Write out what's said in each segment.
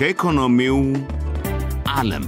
ከኢኮኖሚው ዓለም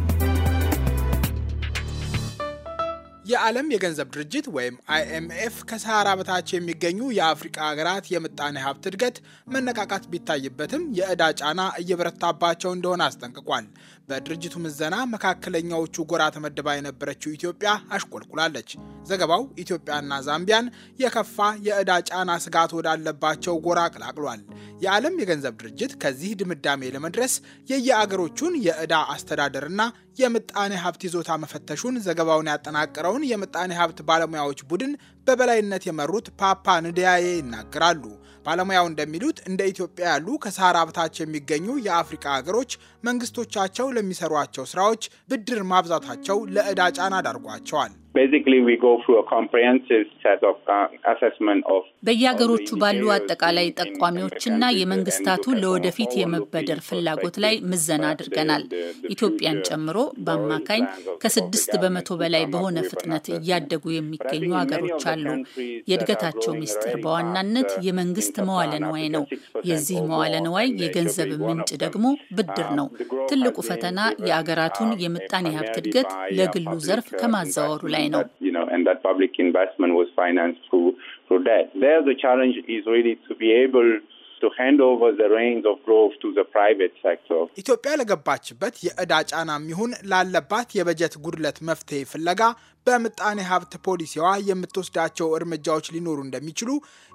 የዓለም የገንዘብ ድርጅት ወይም አይኤምኤፍ ከሰሃራ በታች የሚገኙ የአፍሪቃ ሀገራት የምጣኔ ሀብት እድገት መነቃቃት ቢታይበትም የዕዳ ጫና እየበረታባቸው እንደሆነ አስጠንቅቋል። በድርጅቱ ምዘና መካከለኛዎቹ ጎራ ተመድባ የነበረችው ኢትዮጵያ አሽቆልቁላለች። ዘገባው ኢትዮጵያና ዛምቢያን የከፋ የዕዳ ጫና ስጋት ወዳለባቸው ጎራ አቀላቅሏል። የዓለም የገንዘብ ድርጅት ከዚህ ድምዳሜ ለመድረስ የየአገሮቹን የዕዳ አስተዳደርና የምጣኔ ሀብት ይዞታ መፈተሹን ዘገባውን ያጠናቀረውን የምጣኔ ሀብት ባለሙያዎች ቡድን በበላይነት የመሩት ፓፓ ንዲያዬ ይናገራሉ። ባለሙያው እንደሚሉት እንደ ኢትዮጵያ ያሉ ከሰሃራ በታች የሚገኙ የአፍሪካ ሀገሮች መንግስቶቻቸው ለሚሰሯቸው ስራዎች ብድር ማብዛታቸው ለእዳ ጫና ዳርጓቸዋል። basically we go through a comprehensive set of uh, assessment of በየሀገሮቹ ባሉ አጠቃላይ ጠቋሚዎችና የመንግስታቱ ለወደፊት የመበደር ፍላጎት ላይ ምዘና uh, አድርገናል። ኢትዮጵያን ጨምሮ በአማካኝ ከስድስት በመቶ በላይ በሆነ ፍጥነት እያደጉ የሚገኙ ሀገሮች አሉ። የእድገታቸው ሚስጥር በዋናነት uh, የመንግስት መዋለ ንዋይ ነው። የዚህ መዋለ ንዋይ የገንዘብ ምንጭ ደግሞ ብድር ነው። ትልቁ ፈተና የአገራቱን የምጣኔ ሀብት እድገት ለግሉ ዘርፍ ከማዘዋወሩ ላይ ላይ ነው። ኢትዮጵያ ለገባችበት የእዳ ጫና የሚሆን ላለባት የበጀት ጉድለት መፍትሄ ፍለጋ በምጣኔ ሀብት ፖሊሲዋ የምትወስዳቸው እርምጃዎች ሊኖሩ እንደሚችሉ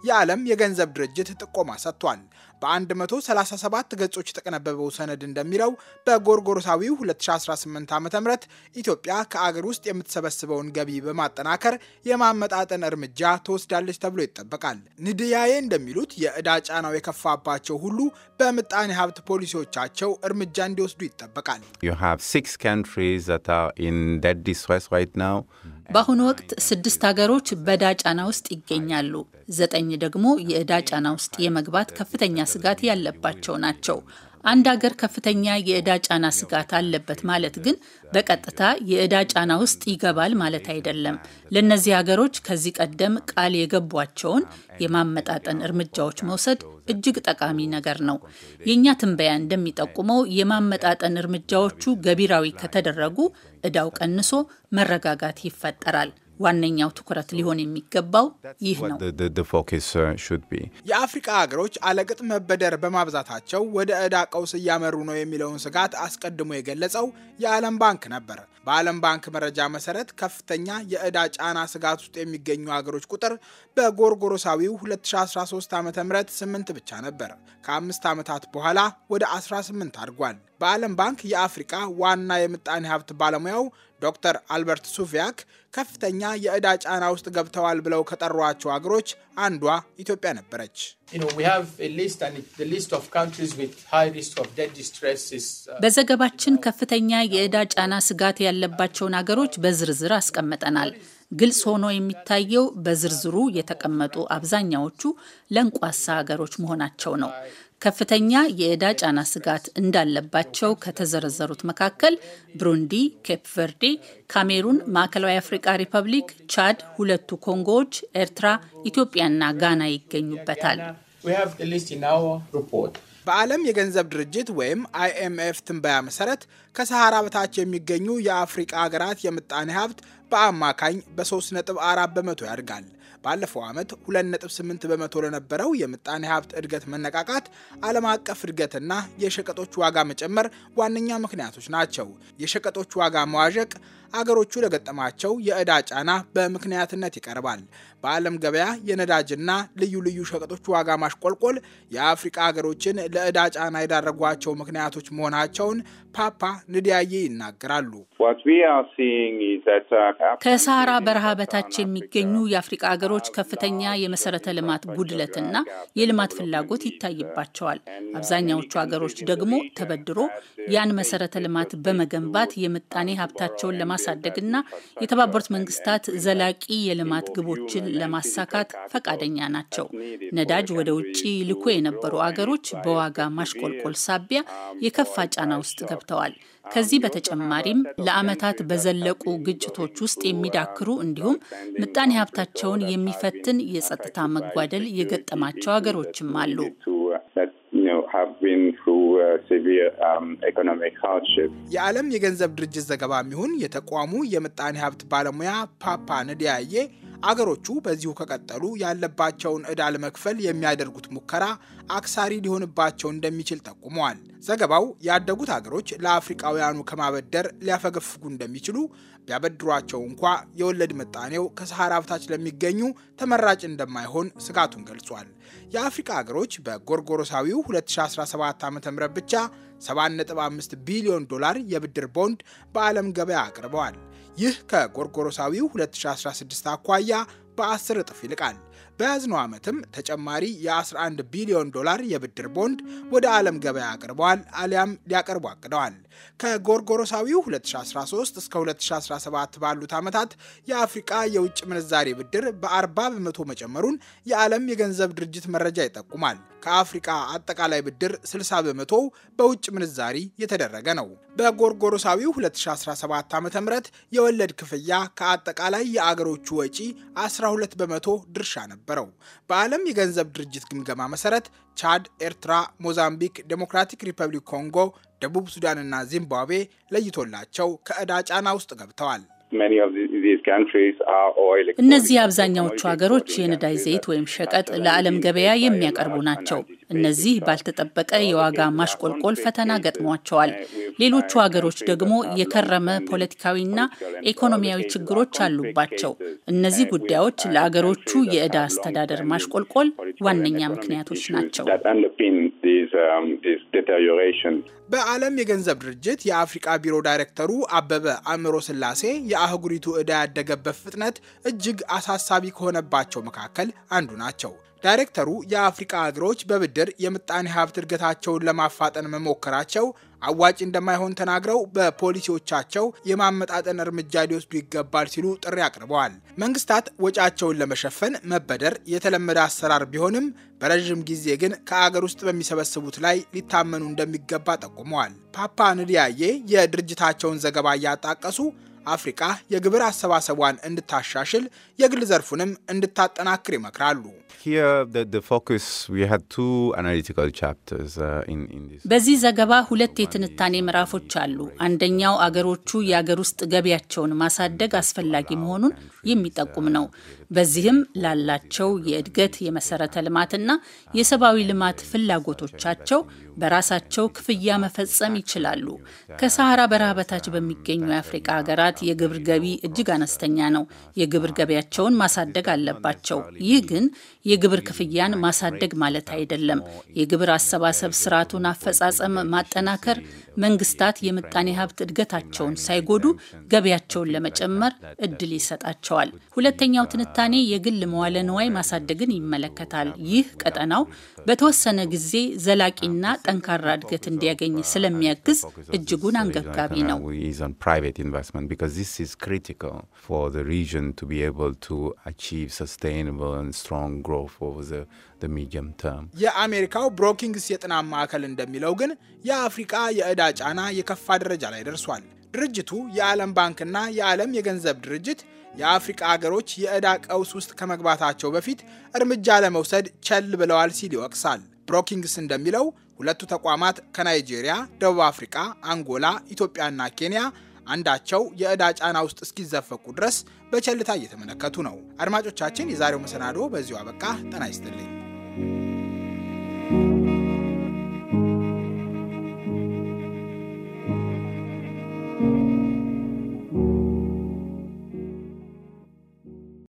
የዓለም የገንዘብ ድርጅት ጥቆማ ሰጥቷል። በ137 ገጾች የተቀነበበው ሰነድ እንደሚለው በጎርጎሮሳዊው 2018 ዓ ም ኢትዮጵያ ከአገር ውስጥ የምትሰበስበውን ገቢ በማጠናከር የማመጣጠን እርምጃ ትወስዳለች ተብሎ ይጠበቃል። ንድያዬ እንደሚሉት የዕዳ ጫናው የከፋባቸው ሁሉ በምጣኔ ሀብት ፖሊሲዎቻቸው እርምጃ እንዲወስዱ ይጠበቃል። በአሁኑ ወቅት ስድስት ሀገሮች በዕዳ ጫና ውስጥ ይገኛሉ። ዘጠኝ ደግሞ የዕዳ ጫና ውስጥ የመግባት ከፍተኛ ስጋት ያለባቸው ናቸው። አንድ አገር ከፍተኛ የዕዳ ጫና ስጋት አለበት ማለት ግን በቀጥታ የዕዳ ጫና ውስጥ ይገባል ማለት አይደለም። ለእነዚህ ሀገሮች ከዚህ ቀደም ቃል የገቧቸውን የማመጣጠን እርምጃዎች መውሰድ እጅግ ጠቃሚ ነገር ነው። የእኛ ትንበያ እንደሚጠቁመው የማመጣጠን እርምጃዎቹ ገቢራዊ ከተደረጉ ዕዳው ቀንሶ መረጋጋት ይፈጠራል። ዋነኛው ትኩረት ሊሆን የሚገባው ይህ ነው። uh, የአፍሪቃ ሀገሮች አለቅጥ መበደር በማብዛታቸው ወደ ዕዳ ቀውስ እያመሩ ነው የሚለውን ስጋት አስቀድሞ የገለጸው የዓለም ባንክ ነበር። በዓለም ባንክ መረጃ መሰረት ከፍተኛ የዕዳ ጫና ስጋት ውስጥ የሚገኙ ሀገሮች ቁጥር በጎርጎሮሳዊው 2013 ዓ ም 8 ብቻ ነበር። ከአምስት ዓመታት በኋላ ወደ 18 አድጓል። በዓለም ባንክ የአፍሪቃ ዋና የምጣኔ ሀብት ባለሙያው ዶክተር አልበርት ሱቪያክ ከፍተኛ የዕዳ ጫና ውስጥ ገብተዋል ብለው ከጠሯቸው አገሮች አንዷ ኢትዮጵያ ነበረች። uh, በዘገባችን ከፍተኛ የዕዳ ጫና ስጋት ያለባቸውን አገሮች በዝርዝር አስቀምጠናል። ግልጽ ሆኖ የሚታየው በዝርዝሩ የተቀመጡ አብዛኛዎቹ ለንቋሳ አገሮች መሆናቸው ነው። ከፍተኛ የዕዳ ጫና ስጋት እንዳለባቸው ከተዘረዘሩት መካከል ብሩንዲ፣ ኬፕ ቨርዴ፣ ካሜሩን፣ ማዕከላዊ አፍሪቃ ሪፐብሊክ፣ ቻድ፣ ሁለቱ ኮንጎዎች፣ ኤርትራ፣ ኢትዮጵያና ጋና ይገኙበታል። በዓለም የገንዘብ ድርጅት ወይም አይኤምኤፍ ትንበያ መሰረት ከሰሃራ በታች የሚገኙ የአፍሪቃ ሀገራት የምጣኔ ሀብት በአማካኝ በ3.4 በመቶ ያድጋል። ባለፈው ዓመት 2.8 በመቶ ለነበረው የምጣኔ ሀብት እድገት መነቃቃት ዓለም አቀፍ እድገትና የሸቀጦች ዋጋ መጨመር ዋነኛ ምክንያቶች ናቸው። የሸቀጦች ዋጋ መዋዠቅ አገሮቹ ለገጠማቸው የዕዳ ጫና በምክንያትነት ይቀርባል። በዓለም ገበያ የነዳጅና ልዩ ልዩ ሸቀጦች ዋጋ ማሽቆልቆል የአፍሪቃ አገሮችን ለዕዳ ጫና የዳረጓቸው ምክንያቶች መሆናቸውን ፓፓ ንዲያዬ ይናገራሉ። uh, ከሰሃራ በረሃ በታች የሚገኙ የአፍሪቃ ሀገሮች ከፍተኛ የመሰረተ ልማት ጉድለትና የልማት ፍላጎት ይታይባቸዋል። አብዛኛዎቹ ሀገሮች ደግሞ ተበድሮ ያን መሰረተ ልማት በመገንባት የምጣኔ ሀብታቸውን ለማሳደግና የተባበሩት መንግስታት ዘላቂ የልማት ግቦችን ለማሳካት ፈቃደኛ ናቸው። ነዳጅ ወደ ውጭ ልኮ የነበሩ አገሮች በዋጋ ማሽቆልቆል ሳቢያ የከፋ ጫና ውስጥ ገብተዋል። ከዚህ በተጨማሪም ለዓመታት በዘለቁ ግጭቶች ውስጥ የሚዳክሩ እንዲሁም ምጣኔ ሀብታቸውን የሚፈትን የጸጥታ መጓደል የገጠማቸው ሀገሮችም አሉ። የዓለም የገንዘብ ድርጅት ዘገባ የሚሆን የተቋሙ የምጣኔ ሀብት ባለሙያ ፓፓ ንዲያዬ አገሮቹ በዚሁ ከቀጠሉ ያለባቸውን ዕዳ ለመክፈል የሚያደርጉት ሙከራ አክሳሪ ሊሆንባቸው እንደሚችል ጠቁመዋል። ዘገባው ያደጉት አገሮች ለአፍሪቃውያኑ ከማበደር ሊያፈገፍጉ እንደሚችሉ ቢያበድሯቸው እንኳ የወለድ ምጣኔው ከሰሃራ በታች ለሚገኙ ተመራጭ እንደማይሆን ስጋቱን ገልጿል። የአፍሪካ ሀገሮች በጎርጎሮሳዊው 2017 ዓ ም ብቻ 7.5 ቢሊዮን ዶላር የብድር ቦንድ በዓለም ገበያ አቅርበዋል። ይህ ከጎርጎሮሳዊው 2016 አኳያ በ10 እጥፍ ይልቃል። በያዝነው ዓመትም ተጨማሪ የ11 ቢሊዮን ዶላር የብድር ቦንድ ወደ ዓለም ገበያ አቅርበዋል አሊያም ሊያቀርቡ አቅደዋል። ከጎርጎሮሳዊው 2013 እስከ 2017 ባሉት ዓመታት የአፍሪቃ የውጭ ምንዛሬ ብድር በ40 በመቶ መጨመሩን የዓለም የገንዘብ ድርጅት መረጃ ይጠቁማል። ከአፍሪቃ አጠቃላይ ብድር 60 በመቶ በውጭ ምንዛሪ የተደረገ ነው። በጎርጎሮሳዊው 2017 ዓ ም የወለድ ክፍያ ከአጠቃላይ የአገሮቹ ወጪ 12 በመቶ ድርሻ ነበር። ነበረው። በዓለም የገንዘብ ድርጅት ግምገማ መሰረት ቻድ፣ ኤርትራ፣ ሞዛምቢክ፣ ዴሞክራቲክ ሪፐብሊክ ኮንጎ፣ ደቡብ ሱዳንና ዚምባብዌ ለይቶላቸው ከዕዳ ጫና ውስጥ ገብተዋል። many of the እነዚህ አብዛኛዎቹ ሀገሮች የነዳጅ ዘይት ወይም ሸቀጥ ለዓለም ገበያ የሚያቀርቡ ናቸው። እነዚህ ባልተጠበቀ የዋጋ ማሽቆልቆል ፈተና ገጥሟቸዋል። ሌሎቹ ሀገሮች ደግሞ የከረመ ፖለቲካዊና ኢኮኖሚያዊ ችግሮች አሉባቸው። እነዚህ ጉዳዮች ለአገሮቹ የዕዳ አስተዳደር ማሽቆልቆል ዋነኛ ምክንያቶች ናቸው። Um, በዓለም የገንዘብ ድርጅት የአፍሪቃ ቢሮ ዳይሬክተሩ አበበ አእምሮ ስላሴ የአህጉሪቱ ዕዳ ያደገበት ፍጥነት እጅግ አሳሳቢ ከሆነባቸው መካከል አንዱ ናቸው። ዳይሬክተሩ የአፍሪቃ ሀገሮች በብድር የምጣኔ ሀብት እድገታቸውን ለማፋጠን መሞከራቸው አዋጭ እንደማይሆን ተናግረው በፖሊሲዎቻቸው የማመጣጠን እርምጃ ሊወስዱ ይገባል ሲሉ ጥሪ አቅርበዋል። መንግስታት ወጫቸውን ለመሸፈን መበደር የተለመደ አሰራር ቢሆንም በረዥም ጊዜ ግን ከአገር ውስጥ በሚሰበስቡት ላይ ሊታመኑ እንደሚገባ ጠቁመዋል። ፓፓ ንዲያዬ የድርጅታቸውን ዘገባ እያጣቀሱ አፍሪቃ የግብር አሰባሰቧን እንድታሻሽል የግል ዘርፉንም እንድታጠናክር ይመክራሉ። Uh, በዚህ ዘገባ ሁለት የትንታኔ uh, ምዕራፎች አሉ። አንደኛው አገሮቹ የአገር ውስጥ ገቢያቸውን ማሳደግ አስፈላጊ መሆኑን uh, የሚጠቁም ነው። በዚህም ላላቸው የእድገት የመሰረተ ልማትና የሰብአዊ ልማት ፍላጎቶቻቸው በራሳቸው ክፍያ መፈጸም ይችላሉ። ከሰሃራ በረሃ በታች በሚገኙ የአፍሪቃ ሀገራት የግብር ገቢ እጅግ አነስተኛ ነው። የግብር ገቢያቸውን ማሳደግ አለባቸው። ይህ ግን የግብር ክፍያን ማሳደግ ማለት አይደለም። የግብር አሰባሰብ ስርዓቱን አፈጻጸም ማጠናከር፣ መንግስታት የምጣኔ ሀብት እድገታቸውን ሳይጎዱ ገቢያቸውን ለመጨመር እድል ይሰጣቸዋል። ሁለተኛው ትንታኔ የግል መዋለ ንዋይ ማሳደግን ይመለከታል። ይህ ቀጠናው በተወሰነ ጊዜ ዘላቂና ጠንካራ እድገት እንዲያገኝ ስለሚያግዝ እጅጉን አንገብጋቢ ነው። የአሜሪካው ብሮኪንግስ የጥናት ማዕከል እንደሚለው ግን የአፍሪቃ የዕዳ ጫና የከፋ ደረጃ ላይ ደርሷል። ድርጅቱ የዓለም ባንክና የዓለም የገንዘብ ድርጅት የአፍሪቃ አገሮች የዕዳ ቀውስ ውስጥ ከመግባታቸው በፊት እርምጃ ለመውሰድ ቸል ብለዋል ሲል ይወቅሳል። ብሮኪንግስ እንደሚለው ሁለቱ ተቋማት ከናይጄሪያ፣ ደቡብ አፍሪቃ፣ አንጎላ፣ ኢትዮጵያና ኬንያ አንዳቸው የዕዳ ጫና ውስጥ እስኪዘፈቁ ድረስ በቸልታ እየተመለከቱ ነው። አድማጮቻችን፣ የዛሬው መሰናዶ በዚሁ አበቃ። ጤና ይስጥልኝ።